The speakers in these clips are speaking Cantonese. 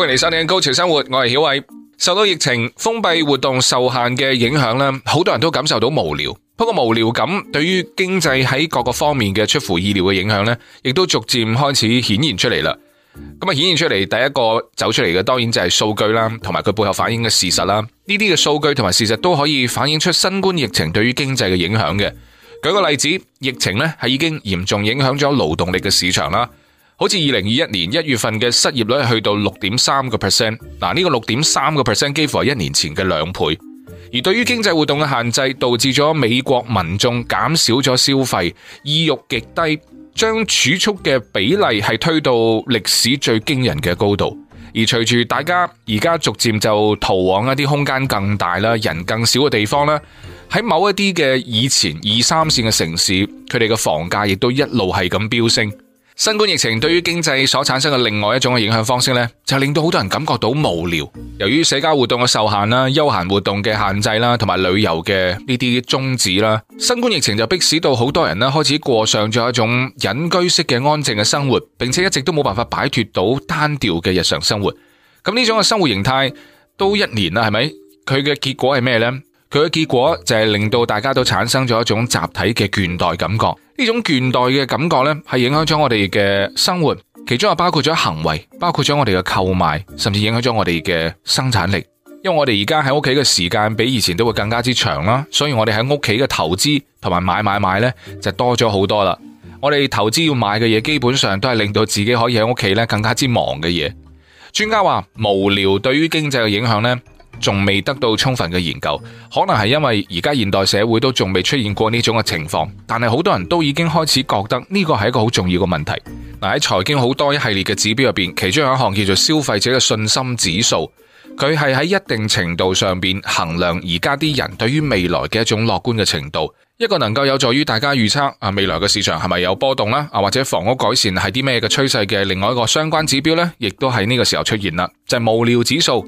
歡迎嚟收聽《高潮生活》，我係曉偉。受到疫情封閉活動受限嘅影響咧，好多人都感受到無聊。不過無聊感對於經濟喺各個方面嘅出乎意料嘅影響咧，亦都逐漸開始顯現出嚟啦。咁啊，顯現出嚟第一個走出嚟嘅，當然就係數據啦，同埋佢背後反映嘅事實啦。呢啲嘅數據同埋事實都可以反映出新冠疫情對於經濟嘅影響嘅。舉個例子，疫情咧係已經嚴重影響咗勞動力嘅市場啦。好似二零二一年一月份嘅失業率去到六點三個 percent，嗱，呢個六點三個 percent 幾乎係一年前嘅兩倍。而對於經濟活動嘅限制，導致咗美國民眾減少咗消費，意欲極低，將儲蓄嘅比例係推到歷史最驚人嘅高度。而隨住大家而家逐漸就逃往一啲空間更大啦，人更少嘅地方啦，喺某一啲嘅以前二三線嘅城市，佢哋嘅房價亦都一路係咁飆升。新冠疫情對於經濟所產生嘅另外一種影響方式呢，就令到好多人感覺到無聊。由於社交活動嘅受限啦、休閒活動嘅限制啦，同埋旅遊嘅呢啲終止啦，新冠疫情就迫使到好多人啦開始過上咗一種隱居式嘅安靜嘅生活，並且一直都冇辦法擺脱到單調嘅日常生活。咁呢種嘅生活形態都一年啦，係咪？佢嘅結果係咩呢？佢嘅結果就係令到大家都產生咗一種集體嘅倦怠感覺，呢種倦怠嘅感覺咧係影響咗我哋嘅生活，其中又包括咗行為，包括咗我哋嘅購買，甚至影響咗我哋嘅生產力。因為我哋而家喺屋企嘅時間比以前都會更加之長啦，所以我哋喺屋企嘅投資同埋買買買咧就多咗好多啦。我哋投資要買嘅嘢基本上都係令到自己可以喺屋企咧更加之忙嘅嘢。專家話，無聊對於經濟嘅影響咧，仲未得到充分嘅研究，可能係因為而家現代社會都仲未出現過呢種嘅情況，但係好多人都已經開始覺得呢個係一個好重要嘅問題。嗱，喺財經好多一系列嘅指標入邊，其中有一項叫做消費者嘅信心指數，佢係喺一定程度上邊衡量而家啲人對於未來嘅一種樂觀嘅程度，一個能夠有助於大家預測啊未來嘅市場係咪有波動啦，啊或者房屋改善係啲咩嘅趨勢嘅另外一個相關指標咧，亦都係呢個時候出現啦，就係無聊指數。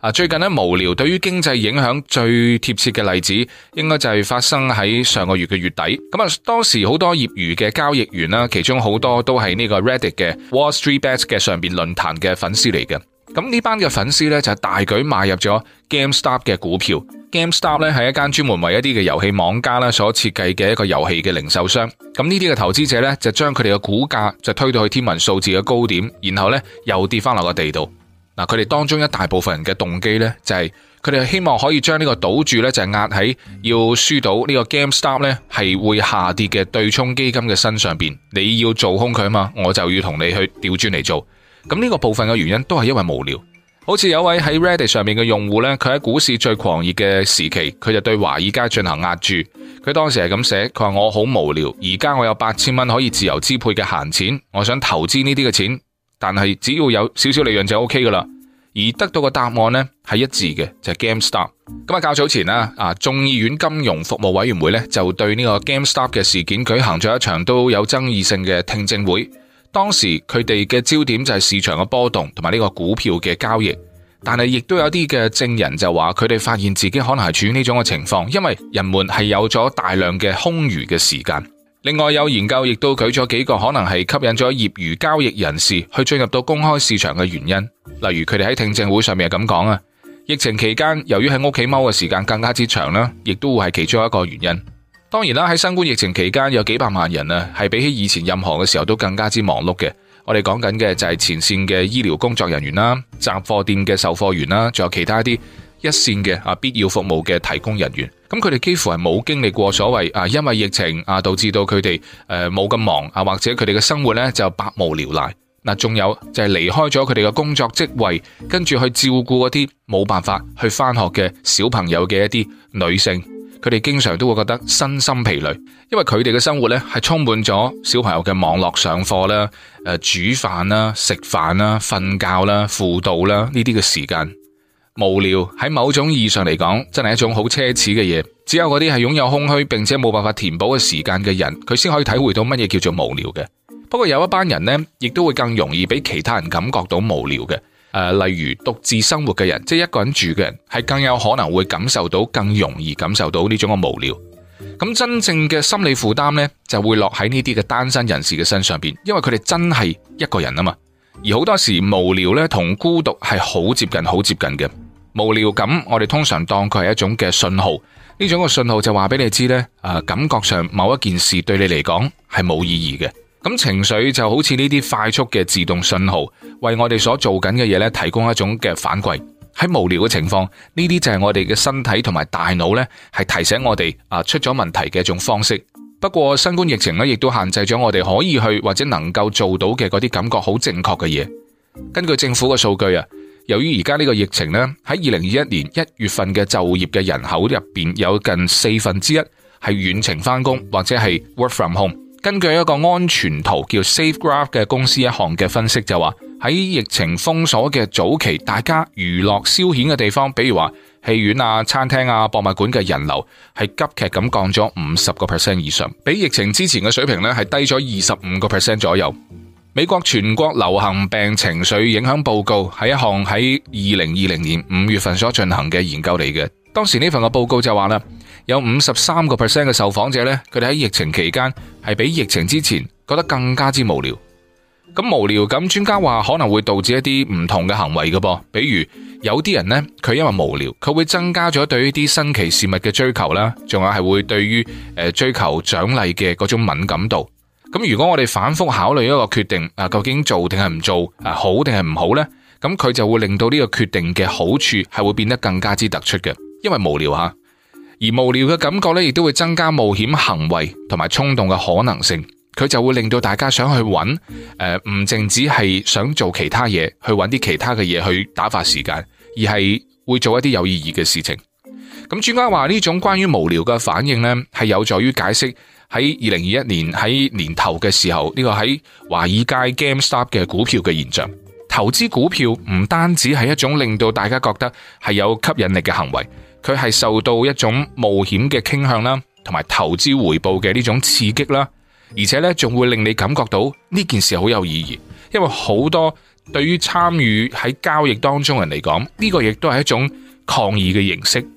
啊，最近咧無聊對於經濟影響最貼切嘅例子，應該就係發生喺上個月嘅月底。咁啊，當時好多業餘嘅交易員啦，其中好多都係呢個 Reddit 嘅 Wall Street Bets 嘅上邊論壇嘅粉絲嚟嘅。咁呢班嘅粉絲咧就大舉買入咗 GameStop 嘅股票。GameStop 咧係一間專門為一啲嘅遊戲網家啦所設計嘅一個遊戲嘅零售商。咁呢啲嘅投資者咧就將佢哋嘅股價就推到去天文數字嘅高點，然後咧又跌翻落個地度。嗱，佢哋當中一大部分人嘅動機呢，就係佢哋希望可以將呢個賭注呢，就係壓喺要輸到呢個 GameStop 呢係會下跌嘅對沖基金嘅身上邊。你要做空佢啊嘛，我就要同你去調轉嚟做。咁呢個部分嘅原因都係因為無聊。好似有位喺 Reddit 上面嘅用戶呢，佢喺股市最狂熱嘅時期，佢就對華爾街進行押注。佢當時係咁寫，佢話我好無聊，而家我有八千蚊可以自由支配嘅閒錢，我想投資呢啲嘅錢。但係只要有少少利潤就 O K 噶啦，而得到個答案呢係一致嘅，就係 GameStop。咁啊，較早前啦，啊眾議院金融服務委員會呢就對呢個 GameStop 嘅事件舉行咗一場都有爭議性嘅聽證會。當時佢哋嘅焦點就係市場嘅波動同埋呢個股票嘅交易，但係亦都有啲嘅證人就話佢哋發現自己可能係處於呢種嘅情況，因為人們係有咗大量嘅空餘嘅時間。另外有研究亦都舉咗幾個可能係吸引咗業餘交易人士去進入到公開市場嘅原因，例如佢哋喺聽證會上面咁講啊，疫情期間由於喺屋企踎嘅時間更加之長啦，亦都會係其中一個原因。當然啦，喺新冠疫情期間有幾百萬人啊，係比起以前任何嘅時候都更加之忙碌嘅。我哋講緊嘅就係前綫嘅醫療工作人員啦、雜貨店嘅售貨員啦，仲有其他啲。一線嘅啊，必要服務嘅提供人員，咁佢哋幾乎係冇經歷過所謂啊，因為疫情啊導致到佢哋誒冇咁忙啊，或者佢哋嘅生活咧就百無聊賴。嗱，仲有就係離開咗佢哋嘅工作職位，跟住去照顧嗰啲冇辦法去返學嘅小朋友嘅一啲女性，佢哋經常都會覺得身心疲累，因為佢哋嘅生活咧係充滿咗小朋友嘅網絡上課啦、誒煮飯啦、食飯啦、瞓覺啦、輔導啦呢啲嘅時間。無聊喺某種意義上嚟講，真係一種好奢侈嘅嘢。只有嗰啲係擁有空虛並且冇辦法填補嘅時間嘅人，佢先可以體會到乜嘢叫做無聊嘅。不過有一班人呢，亦都會更容易俾其他人感覺到無聊嘅。誒、呃，例如獨自生活嘅人，即係一個人住嘅人，係更有可能會感受到，更容易感受到呢種嘅無聊。咁真正嘅心理負擔呢，就會落喺呢啲嘅單身人士嘅身上邊，因為佢哋真係一個人啊嘛。而好多時無聊咧，同孤獨係好接近，好接近嘅無聊感，我哋通常當佢係一種嘅信號，呢種嘅信號就話俾你知咧，誒，感覺上某一件事對你嚟講係冇意義嘅。咁、嗯、情緒就好似呢啲快速嘅自動信號，為我哋所做緊嘅嘢咧，提供一種嘅反饋。喺無聊嘅情況，呢啲就係我哋嘅身體同埋大腦咧，係提醒我哋啊，出咗問題嘅一種方式。不過新冠疫情咧，亦都限制咗我哋可以去或者能夠做到嘅嗰啲感覺好正確嘅嘢。根據政府嘅數據啊，由於而家呢個疫情呢，喺二零二一年一月份嘅就業嘅人口入邊，有近四分之一係遠程翻工或者係 work from home。根據一個安全圖叫 SafeGraph 嘅公司一項嘅分析就話，喺疫情封鎖嘅早期，大家娛樂消遣嘅地方，比如話。戲院啊、餐廳啊、博物館嘅人流係急劇咁降咗五十個 percent 以上，比疫情之前嘅水平呢係低咗二十五個 percent 左右。美國全國流行病情緒影響報告係一項喺二零二零年五月份所進行嘅研究嚟嘅。當時呢份個報告就話啦，有五十三個 percent 嘅受訪者呢，佢哋喺疫情期間係比疫情之前覺得更加之無聊。咁無聊咁，專家話可能會導致一啲唔同嘅行為噶噃，比如。有啲人呢，佢因為無聊，佢會增加咗對呢啲新奇事物嘅追求啦，仲有係會對於誒追求獎勵嘅嗰種敏感度。咁如果我哋反覆考慮一個決定啊，究竟做定係唔做啊，好定係唔好呢？咁佢就會令到呢個決定嘅好處係會變得更加之突出嘅，因為無聊吓，而無聊嘅感覺呢，亦都會增加冒險行為同埋衝動嘅可能性。佢就會令到大家想去揾，誒、呃，唔淨止係想做其他嘢，去揾啲其他嘅嘢去打發時間，而係會做一啲有意義嘅事情。咁專家話呢種關於無聊嘅反應呢，係有助於解釋喺二零二一年喺年頭嘅時候呢，這個喺華爾街 GameStop 嘅股票嘅現象。投資股票唔單止係一種令到大家覺得係有吸引力嘅行為，佢係受到一種冒險嘅傾向啦，同埋投資回報嘅呢種刺激啦。而且咧，仲會令你感覺到呢件事好有意義，因為好多對於參與喺交易當中人嚟講，呢個亦都係一種抗議嘅形式。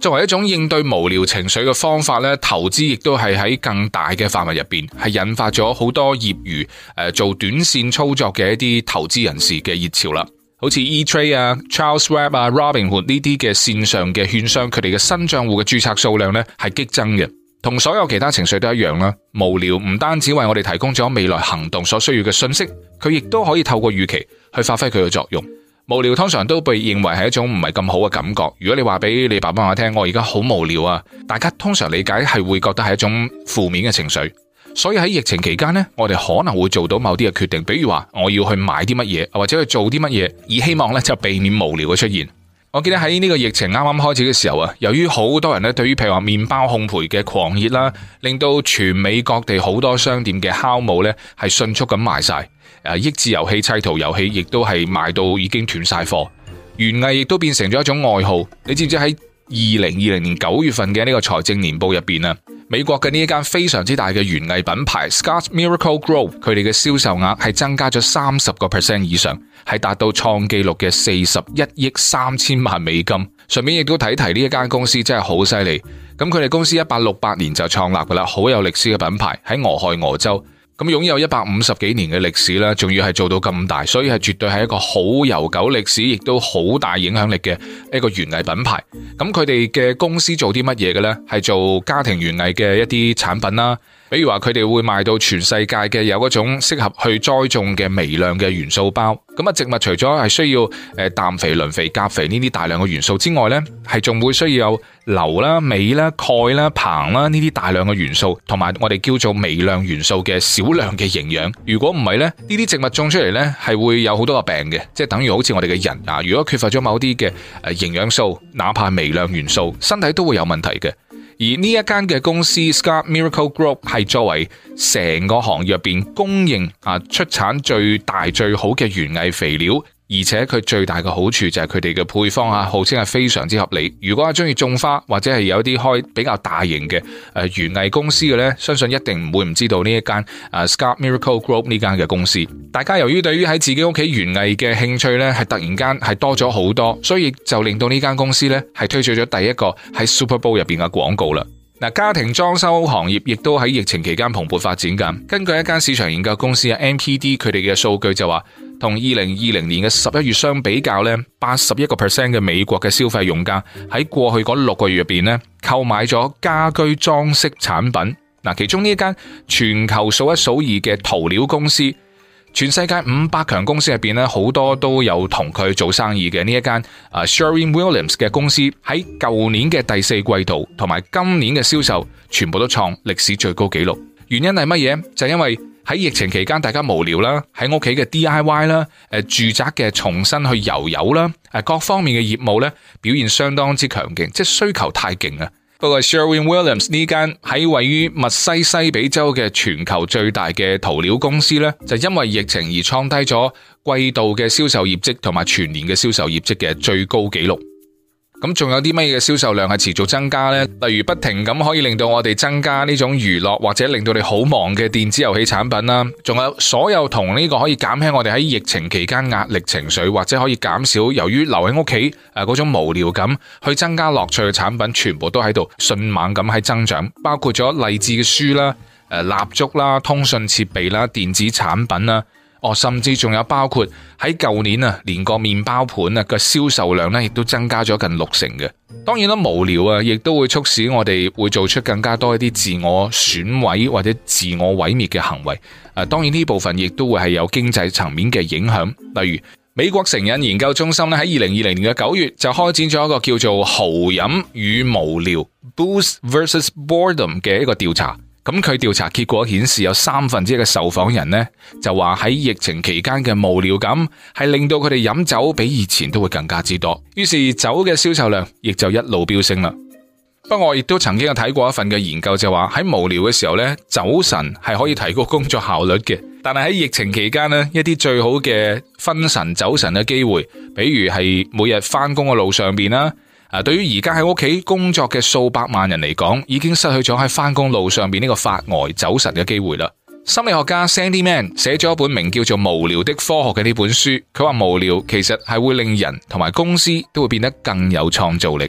作為一種應對無聊情緒嘅方法咧，投資亦都係喺更大嘅範圍入邊，係引發咗好多業餘誒做短線操作嘅一啲投資人士嘅熱潮啦。好似 eTrade 啊、Charles Webb 啊、Robinhood 呢啲嘅線上嘅券商，佢哋嘅新賬戶嘅註冊數量咧係激增嘅。同所有其他情緒都一樣啦，無聊唔單止為我哋提供咗未來行動所需要嘅信息，佢亦都可以透過預期去發揮佢嘅作用。無聊通常都被認為係一種唔係咁好嘅感覺。如果你話俾你爸爸媽媽聽，我而家好無聊啊，大家通常理解係會覺得係一種負面嘅情緒。所以喺疫情期間呢，我哋可能會做到某啲嘅決定，比如話我要去買啲乜嘢，或者去做啲乜嘢，以希望咧就避免無聊嘅出現。我記得喺呢個疫情啱啱開始嘅時候啊，由於好多人咧對於譬如話麵包烘焙嘅狂熱啦，令到全美各地好多商店嘅酵母呢係迅速咁賣晒。誒，益智遊戲、砌圖遊戲亦都係賣到已經斷晒貨，園藝亦都變成咗一種愛好。你知唔知喺二零二零年九月份嘅呢個財政年報入邊，美國嘅呢一間非常之大嘅園藝品牌 Scotts Miracle-Gro，佢哋嘅銷售額係增加咗三十個 percent 以上，係達到創紀錄嘅四十一億三千萬美金。順便亦都睇睇呢一間公司真係好犀利。咁佢哋公司一八六八年就創立噶啦，好有歷史嘅品牌喺俄亥俄州。咁擁有一百五十幾年嘅歷史啦，仲要係做到咁大，所以係絕對係一個好悠久歷史，亦都好大影響力嘅一個園藝品牌。咁佢哋嘅公司做啲乜嘢嘅咧？係做家庭園藝嘅一啲產品啦。比如話佢哋會賣到全世界嘅有嗰種適合去栽種嘅微量嘅元素包。咁啊，植物除咗係需要誒氮肥、磷肥、鉀肥呢啲大量嘅元素之外呢係仲會需要有硫啦、鎂啦、鈣啦、硼啦呢啲大量嘅元素，同埋我哋叫做微量元素嘅少量嘅營養。如果唔係咧，呢啲植物種出嚟呢係會有好多個病嘅，即係等於好似我哋嘅人啊。如果缺乏咗某啲嘅誒營養素，哪怕微量元素，身體都會有問題嘅。而呢一間嘅公司 Scott Miracle Group 係作為成個行業入面公認啊，出產最大最好嘅園藝肥料。而且佢最大嘅好處就係佢哋嘅配方啊，號稱係非常之合理。如果係中意種花或者係有啲開比較大型嘅誒園藝公司嘅呢，相信一定唔會唔知道呢一間誒、啊、Scott Miracle Group 呢間嘅公司。大家由於對於喺自己屋企園藝嘅興趣呢係突然間係多咗好多，所以就令到呢間公司呢係推出咗第一個喺 Super Bowl 入邊嘅廣告啦。嗱、啊，家庭裝修行業亦都喺疫情期間蓬勃發展㗎。根據一間市場研究公司嘅 MPD，佢哋嘅數據就話。同二零二零年嘅十一月相比較咧，八十一個 percent 嘅美國嘅消費用家喺過去嗰六個月入邊咧，購買咗家居裝飾產品。嗱，其中呢一間全球數一數二嘅塗料公司，全世界五百強公司入邊咧，好多都有同佢做生意嘅呢一間啊 Sherwin Williams 嘅公司，喺舊年嘅第四季度同埋今年嘅銷售，全部都創歷史最高紀錄。原因係乜嘢？就係因為。喺疫情期間，大家無聊啦，喺屋企嘅 DIY 啦，住宅嘅重新去油油啦，各方面嘅業務呢，表現相當之強勁，即需求太勁啊！不過 Sherwin Williams 呢間喺位於墨西西比州嘅全球最大嘅塗料公司呢，就因為疫情而創低咗季度嘅銷售業績同埋全年嘅銷售業績嘅最高紀錄。咁仲有啲乜嘢嘅銷售量係持續增加呢？例如不停咁可以令到我哋增加呢種娛樂或者令到你好忙嘅電子遊戲產品啦，仲有所有同呢個可以減輕我哋喺疫情期間壓力情緒或者可以減少由於留喺屋企誒嗰種無聊感去增加樂趣嘅產品，全部都喺度迅猛咁喺增長。包括咗勵志嘅書啦、誒蠟燭啦、通訊設備啦、電子產品啦。哦，甚至仲有包括喺舊年啊，連個麵包盤啊嘅銷售量咧，亦都增加咗近六成嘅。當然啦，無聊啊，亦都會促使我哋會做出更加多一啲自我損毀或者自我毀滅嘅行為。誒、啊，當然呢部分亦都會係有經濟層面嘅影響。例如，美國成癮研究中心咧喺二零二零年嘅九月就開展咗一個叫做“豪飲與無聊 （Booze vs. Boredom）” 嘅一個調查。咁佢調查結果顯示，有三分之一嘅受訪人呢，就話喺疫情期間嘅無聊感係令到佢哋飲酒比以前都會更加之多，於是酒嘅銷售量亦就一路飆升啦。不過，我亦都曾經有睇過一份嘅研究就話，喺無聊嘅時候呢，走神係可以提高工作效率嘅。但係喺疫情期間呢，一啲最好嘅分神、走神嘅機會，比如係每日返工嘅路上邊啦。啊！對於而家喺屋企工作嘅數百萬人嚟講，已經失去咗喺返工路上邊呢個發呆走神嘅機會啦。心理學家 Sandy Mann 寫咗一本名叫做《無聊的科學》嘅呢本書，佢話無聊其實係會令人同埋公司都會變得更有創造力。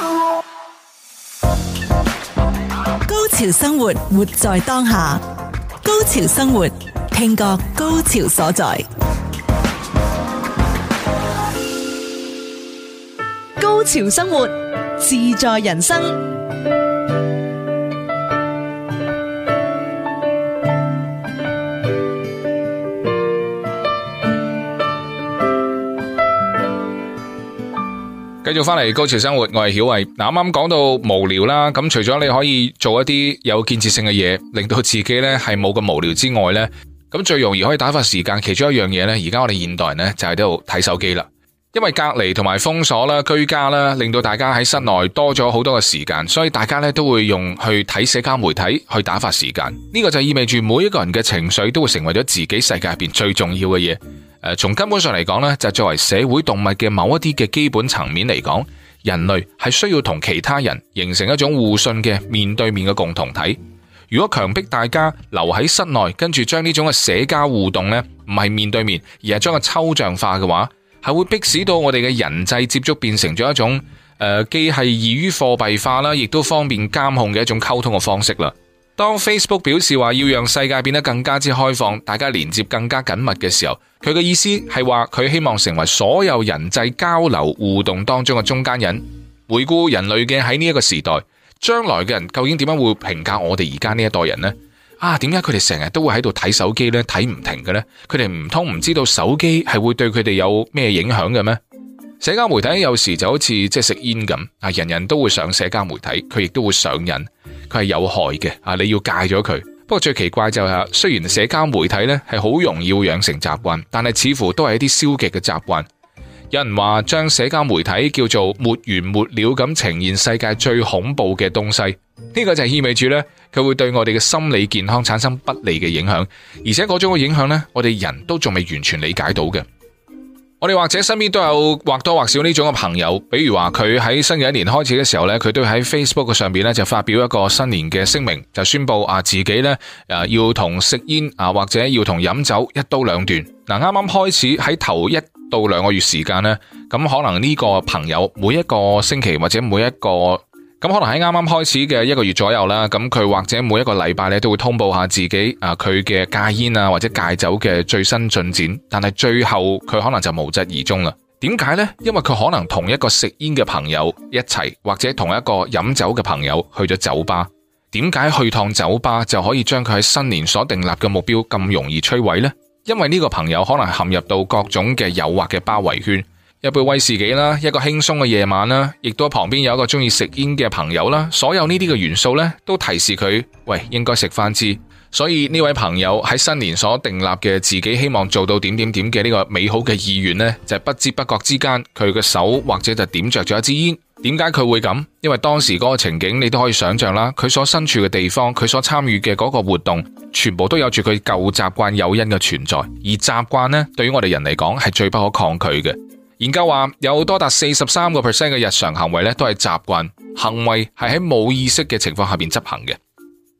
高潮生活，活在當下；高潮生活，聽覺高潮所在；高潮生活，自在人生。繼續翻嚟《高潮生活》，我係曉慧。嗱，啱啱講到無聊啦，咁除咗你可以做一啲有建設性嘅嘢，令到自己呢係冇咁無聊之外呢，咁最容易可以打發時間，其中一樣嘢呢，而家我哋現代人呢，就喺度睇手機啦。因為隔離同埋封鎖啦、居家啦，令到大家喺室內多咗好多嘅時間，所以大家呢，都會用去睇社交媒體去打發時間。呢個就意味住每一個人嘅情緒都會成為咗自己世界入邊最重要嘅嘢。誒，從根本上嚟講咧，就作為社會動物嘅某一啲嘅基本層面嚟講，人類係需要同其他人形成一種互信嘅面對面嘅共同體。如果強迫大家留喺室內，跟住將呢種嘅社交互動咧，唔係面對面，而係將佢抽象化嘅話，係會迫使到我哋嘅人際接觸變成咗一種誒、呃，既係易於貨幣化啦，亦都方便監控嘅一種溝通嘅方式啦。當 Facebook 表示話要讓世界變得更加之開放，大家連接更加緊密嘅時候，佢嘅意思係話佢希望成為所有人際交流互動當中嘅中間人。回顧人類嘅喺呢一個時代，將來嘅人究竟點樣會評價我哋而家呢一代人呢？啊，點解佢哋成日都會喺度睇手機咧？睇唔停嘅咧，佢哋唔通唔知道手機係會對佢哋有咩影響嘅咩？社交媒體有時就好似即係食煙咁，啊，人人都會上社交媒體，佢亦都會上癮，佢係有害嘅，啊，你要戒咗佢。不過最奇怪就係，雖然社交媒體咧係好容易會養成習慣，但係似乎都係一啲消極嘅習慣。有人話將社交媒體叫做沒完沒了咁呈現世界最恐怖嘅東西，呢、這個就係意味住咧佢會對我哋嘅心理健康產生不利嘅影響，而且嗰種嘅影響咧，我哋人都仲未完全理解到嘅。我哋或者身邊都有或多或少呢種嘅朋友，比如話佢喺，新嘅一年開始嘅時候呢，佢都喺 Facebook 上邊呢就發表一個新年嘅聲明，就宣布啊自己呢誒要同食煙啊或者要同飲酒一刀兩斷。嗱，啱啱開始喺頭一到兩個月時間呢，咁可能呢個朋友每一個星期或者每一個。咁可能喺啱啱開始嘅一個月左右啦，咁佢或者每一個禮拜呢都會通報下自己啊佢嘅戒煙啊或者戒酒嘅最新進展，但係最後佢可能就無疾而終啦。點解呢？因為佢可能同一個食煙嘅朋友一齊，或者同一個飲酒嘅朋友去咗酒吧。點解去趟酒吧就可以將佢喺新年所訂立嘅目標咁容易摧毀呢？因為呢個朋友可能陷入到各種嘅誘惑嘅包圍圈。一杯威士忌啦，一個輕鬆嘅夜晚啦，亦都旁邊有一個鍾意食煙嘅朋友啦，所有呢啲嘅元素咧，都提示佢喂，應該食翻支。所以呢位朋友喺新年所訂立嘅自己希望做到點點點嘅呢個美好嘅意願咧，就係不知不覺之間佢嘅手或者就點着咗一支煙。點解佢會咁？因為當時嗰個情景你都可以想象啦，佢所身處嘅地方，佢所參與嘅嗰個活動，全部都有住佢舊習慣誘因嘅存在。而習慣咧，對於我哋人嚟講係最不可抗拒嘅。研究話有多達四十三個 percent 嘅日常行為咧，都係習慣行為，係喺冇意識嘅情況下邊執行嘅。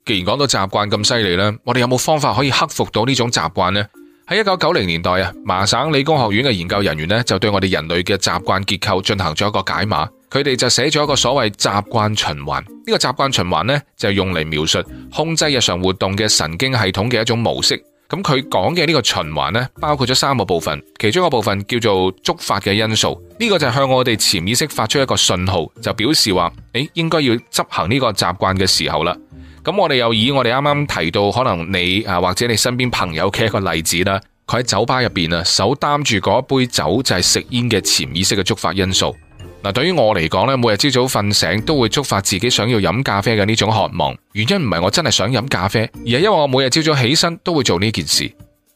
既然講到習慣咁犀利啦，我哋有冇方法可以克服到呢種習慣呢？喺一九九零年代啊，麻省理工學院嘅研究人員咧就對我哋人類嘅習慣結構進行咗一個解碼，佢哋就寫咗一個所謂習慣循環。呢個習慣循環咧就用嚟描述控制日常活動嘅神經系統嘅一種模式。咁佢講嘅呢個循環呢，包括咗三個部分，其中一個部分叫做觸發嘅因素，呢、這個就係向我哋潛意識發出一個信號，就表示話，誒、哎，應該要執行呢個習慣嘅時候啦。咁我哋又以我哋啱啱提到可能你啊或者你身邊朋友嘅一個例子啦，佢喺酒吧入邊啊手擔住一杯酒就係食煙嘅潛意識嘅觸發因素。嗱，對於我嚟講咧，每日朝早瞓醒都會觸發自己想要飲咖啡嘅呢種渴望。原因唔係我真係想飲咖啡，而係因為我每日朝早起身都會做呢件事。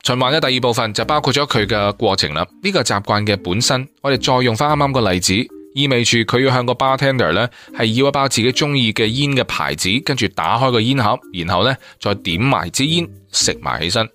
循環嘅第二部分就包括咗佢嘅過程啦。呢個習慣嘅本身，我哋再用翻啱啱個例子，意味住佢要向個 bartender 咧係要一包自己中意嘅煙嘅牌子，跟住打開個煙盒，然後咧再點埋支煙食埋起身。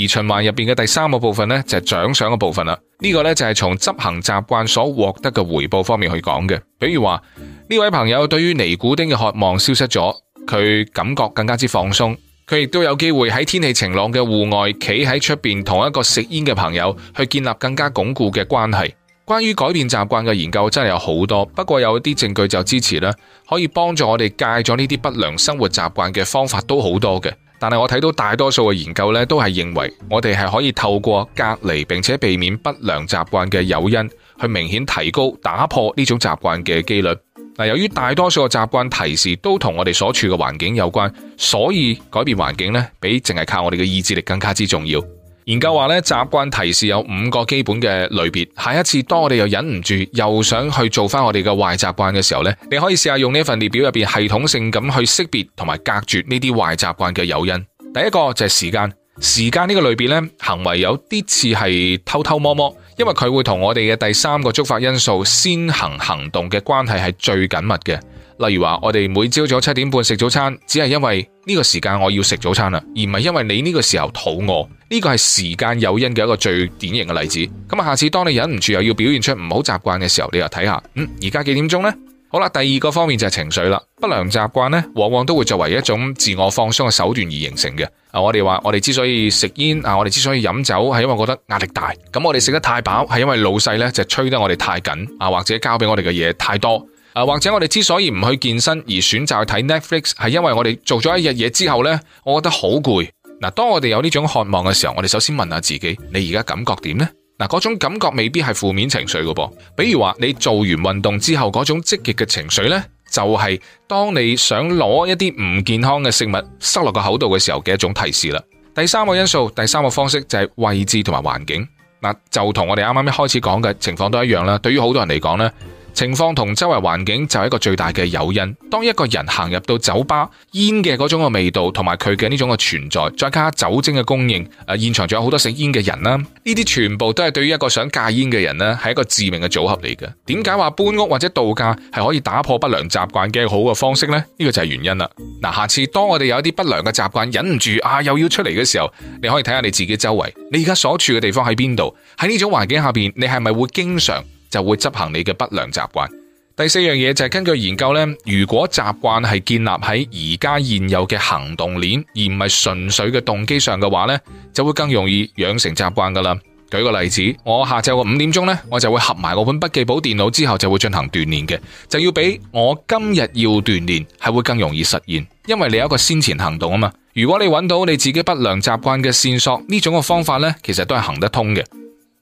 而循環入邊嘅第三個部分呢，就係獎賞嘅部分啦。呢個呢，就係從執行習慣所獲得嘅回報方面去講嘅。比如話，呢位朋友對於尼古丁嘅渴望消失咗，佢感覺更加之放鬆，佢亦都有機會喺天氣晴朗嘅戶外企喺出邊，同一個食煙嘅朋友去建立更加鞏固嘅關係。關於改變習慣嘅研究真係有好多，不過有啲證據就支持啦，可以幫助我哋戒咗呢啲不良生活習慣嘅方法都好多嘅。但係我睇到大多數嘅研究咧，都係認為我哋係可以透過隔離，並且避免不良習慣嘅誘因，去明顯提高打破呢種習慣嘅幾率。由於大多數嘅習慣提示都同我哋所處嘅環境有關，所以改變環境咧，比淨係靠我哋嘅意志力更加之重要。研究話咧，習慣提示有五個基本嘅類別。下一次當我哋又忍唔住，又想去做翻我哋嘅壞習慣嘅時候咧，你可以試下用呢份列表入邊系統性咁去識別同埋隔絕呢啲壞習慣嘅誘因。第一個就係時間，時間呢個類別咧，行為有啲似係偷偷摸摸，因為佢會同我哋嘅第三個觸發因素先行行動嘅關係係最緊密嘅。例如話，我哋每朝早七點半食早餐，只係因為呢個時間我要食早餐啦，而唔係因為你呢個時候肚餓。呢個係時間誘因嘅一個最典型嘅例子。咁啊，下次當你忍唔住又要表現出唔好習慣嘅時候，你又睇下，嗯，而家幾點鐘呢？好啦，第二個方面就係情緒啦。不良習慣呢，往往都會作為一種自我放鬆嘅手段而形成嘅。啊，我哋話，我哋之所以食煙啊，我哋之所以飲酒，係因為覺得壓力大。咁我哋食得太飽，係因為老細呢就催得我哋太緊啊，或者交俾我哋嘅嘢太多。或者我哋之所以唔去健身而選擇去睇 Netflix，係因為我哋做咗一日嘢之後呢，我覺得好攰。嗱，當我哋有呢種渴望嘅時候，我哋首先問下自己：你而家感覺點呢？嗱，嗰種感覺未必係負面情緒㗎噃。比如話你做完運動之後嗰種積極嘅情緒呢，就係、是、當你想攞一啲唔健康嘅食物塞落個口度嘅時候嘅一種提示啦。第三個因素，第三個方式就係位置同埋環境。嗱，就同我哋啱啱一開始講嘅情況都一樣啦。對於好多人嚟講呢。情況同周圍環境就係一個最大嘅誘因。當一個人行入到酒吧，煙嘅嗰種嘅味道同埋佢嘅呢種嘅存在，再加酒精嘅供應，誒、呃，現場仲有好多食煙嘅人啦，呢啲全部都係對於一個想戒煙嘅人呢係一個致命嘅組合嚟嘅。點解話搬屋或者度假係可以打破不良習慣嘅好嘅方式呢？呢個就係原因啦。嗱，下次當我哋有一啲不良嘅習慣忍唔住啊，又要出嚟嘅時候，你可以睇下你自己周圍，你而家所處嘅地方喺邊度？喺呢種環境下邊，你係咪會經常？就會執行你嘅不良習慣。第四樣嘢就係根據研究呢，如果習慣係建立喺而家現有嘅行動鏈，而唔係純粹嘅動機上嘅話呢，就會更容易養成習慣噶啦。舉個例子，我下晝個五點鐘呢，我就會合埋我本筆記簿電腦之後就會進行鍛煉嘅，就要比我今日要鍛煉係會更容易實現，因為你有一個先前行動啊嘛。如果你揾到你自己不良習慣嘅線索，呢種嘅方法呢，其實都係行得通嘅。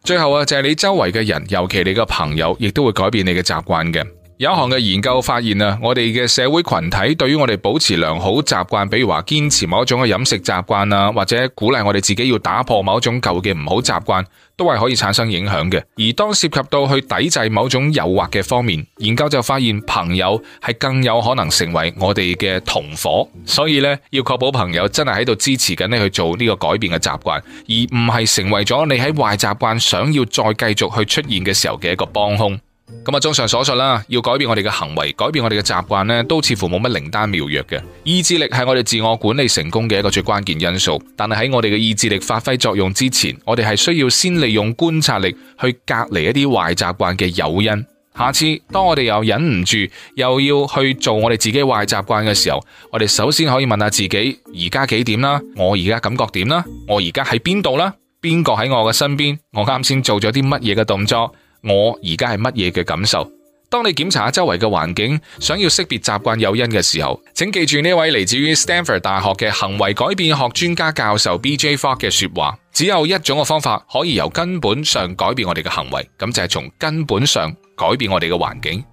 最後啊，就係、是、你周圍嘅人，尤其你個朋友，亦都會改變你嘅習慣嘅。有一項嘅研究發現啊，我哋嘅社會群體對於我哋保持良好習慣，比如話堅持某一種嘅飲食習慣啊，或者鼓勵我哋自己要打破某一種舊嘅唔好習慣，都係可以產生影響嘅。而當涉及到去抵制某種誘惑嘅方面，研究就發現朋友係更有可能成為我哋嘅同伙，所以呢，要確保朋友真係喺度支持緊你去做呢個改變嘅習慣，而唔係成為咗你喺壞習慣想要再繼續去出現嘅時候嘅一個幫凶。咁啊，綜上所述啦，要改變我哋嘅行為，改變我哋嘅習慣呢，都似乎冇乜靈丹妙藥嘅。意志力係我哋自我管理成功嘅一個最關鍵因素，但係喺我哋嘅意志力發揮作用之前，我哋係需要先利用觀察力去隔離一啲壞習慣嘅誘因。下次當我哋又忍唔住又要去做我哋自己壞習慣嘅時候，我哋首先可以問下自己：而家幾點啦？我而家感覺點啦？我而家喺邊度啦？邊個喺我嘅身邊？我啱先做咗啲乜嘢嘅動作？我而家係乜嘢嘅感受？當你檢查下周圍嘅環境，想要識別習慣誘因嘅時候，請記住呢位嚟自於 Stanford 大學嘅行為改變學專家教授 B.J. Fogg 嘅說話：只有一種嘅方法可以由根本上改變我哋嘅行為，咁就係、是、從根本上改變我哋嘅環境。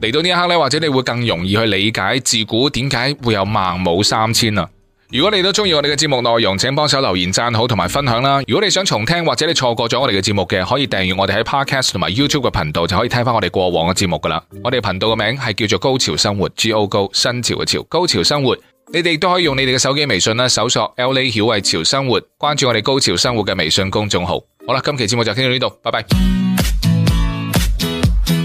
嚟到呢一刻呢，或者你會更容易去理解自古點解會有孟母三遷啊！如果你都中意我哋嘅節目內容，請幫手留言讚好同埋分享啦！如果你想重聽或者你錯過咗我哋嘅節目嘅，可以訂閱我哋喺 Podcast 同埋 YouTube 嘅頻道，就可以聽翻我哋過往嘅節目噶啦。我哋頻道嘅名係叫做《高潮生活》G O 高新潮嘅潮，高潮生活。你哋都可以用你哋嘅手機微信啦，搜索 “L A 曉慧潮生活”，關注我哋《高潮生活》嘅微信公眾號。好啦，今期節目就傾到呢度，拜拜。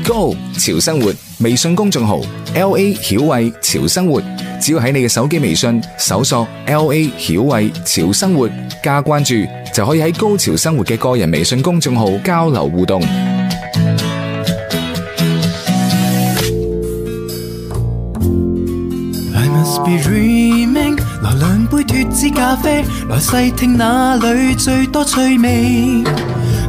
Go 潮生活微信公眾號 L A 曉慧潮生活，只要喺你嘅手機微信搜索 L A 曉慧潮生活加關注，就可以喺高潮生活嘅個人微信公眾號交流互動。來兩杯脫脂咖啡，來細聽那裏最多趣味。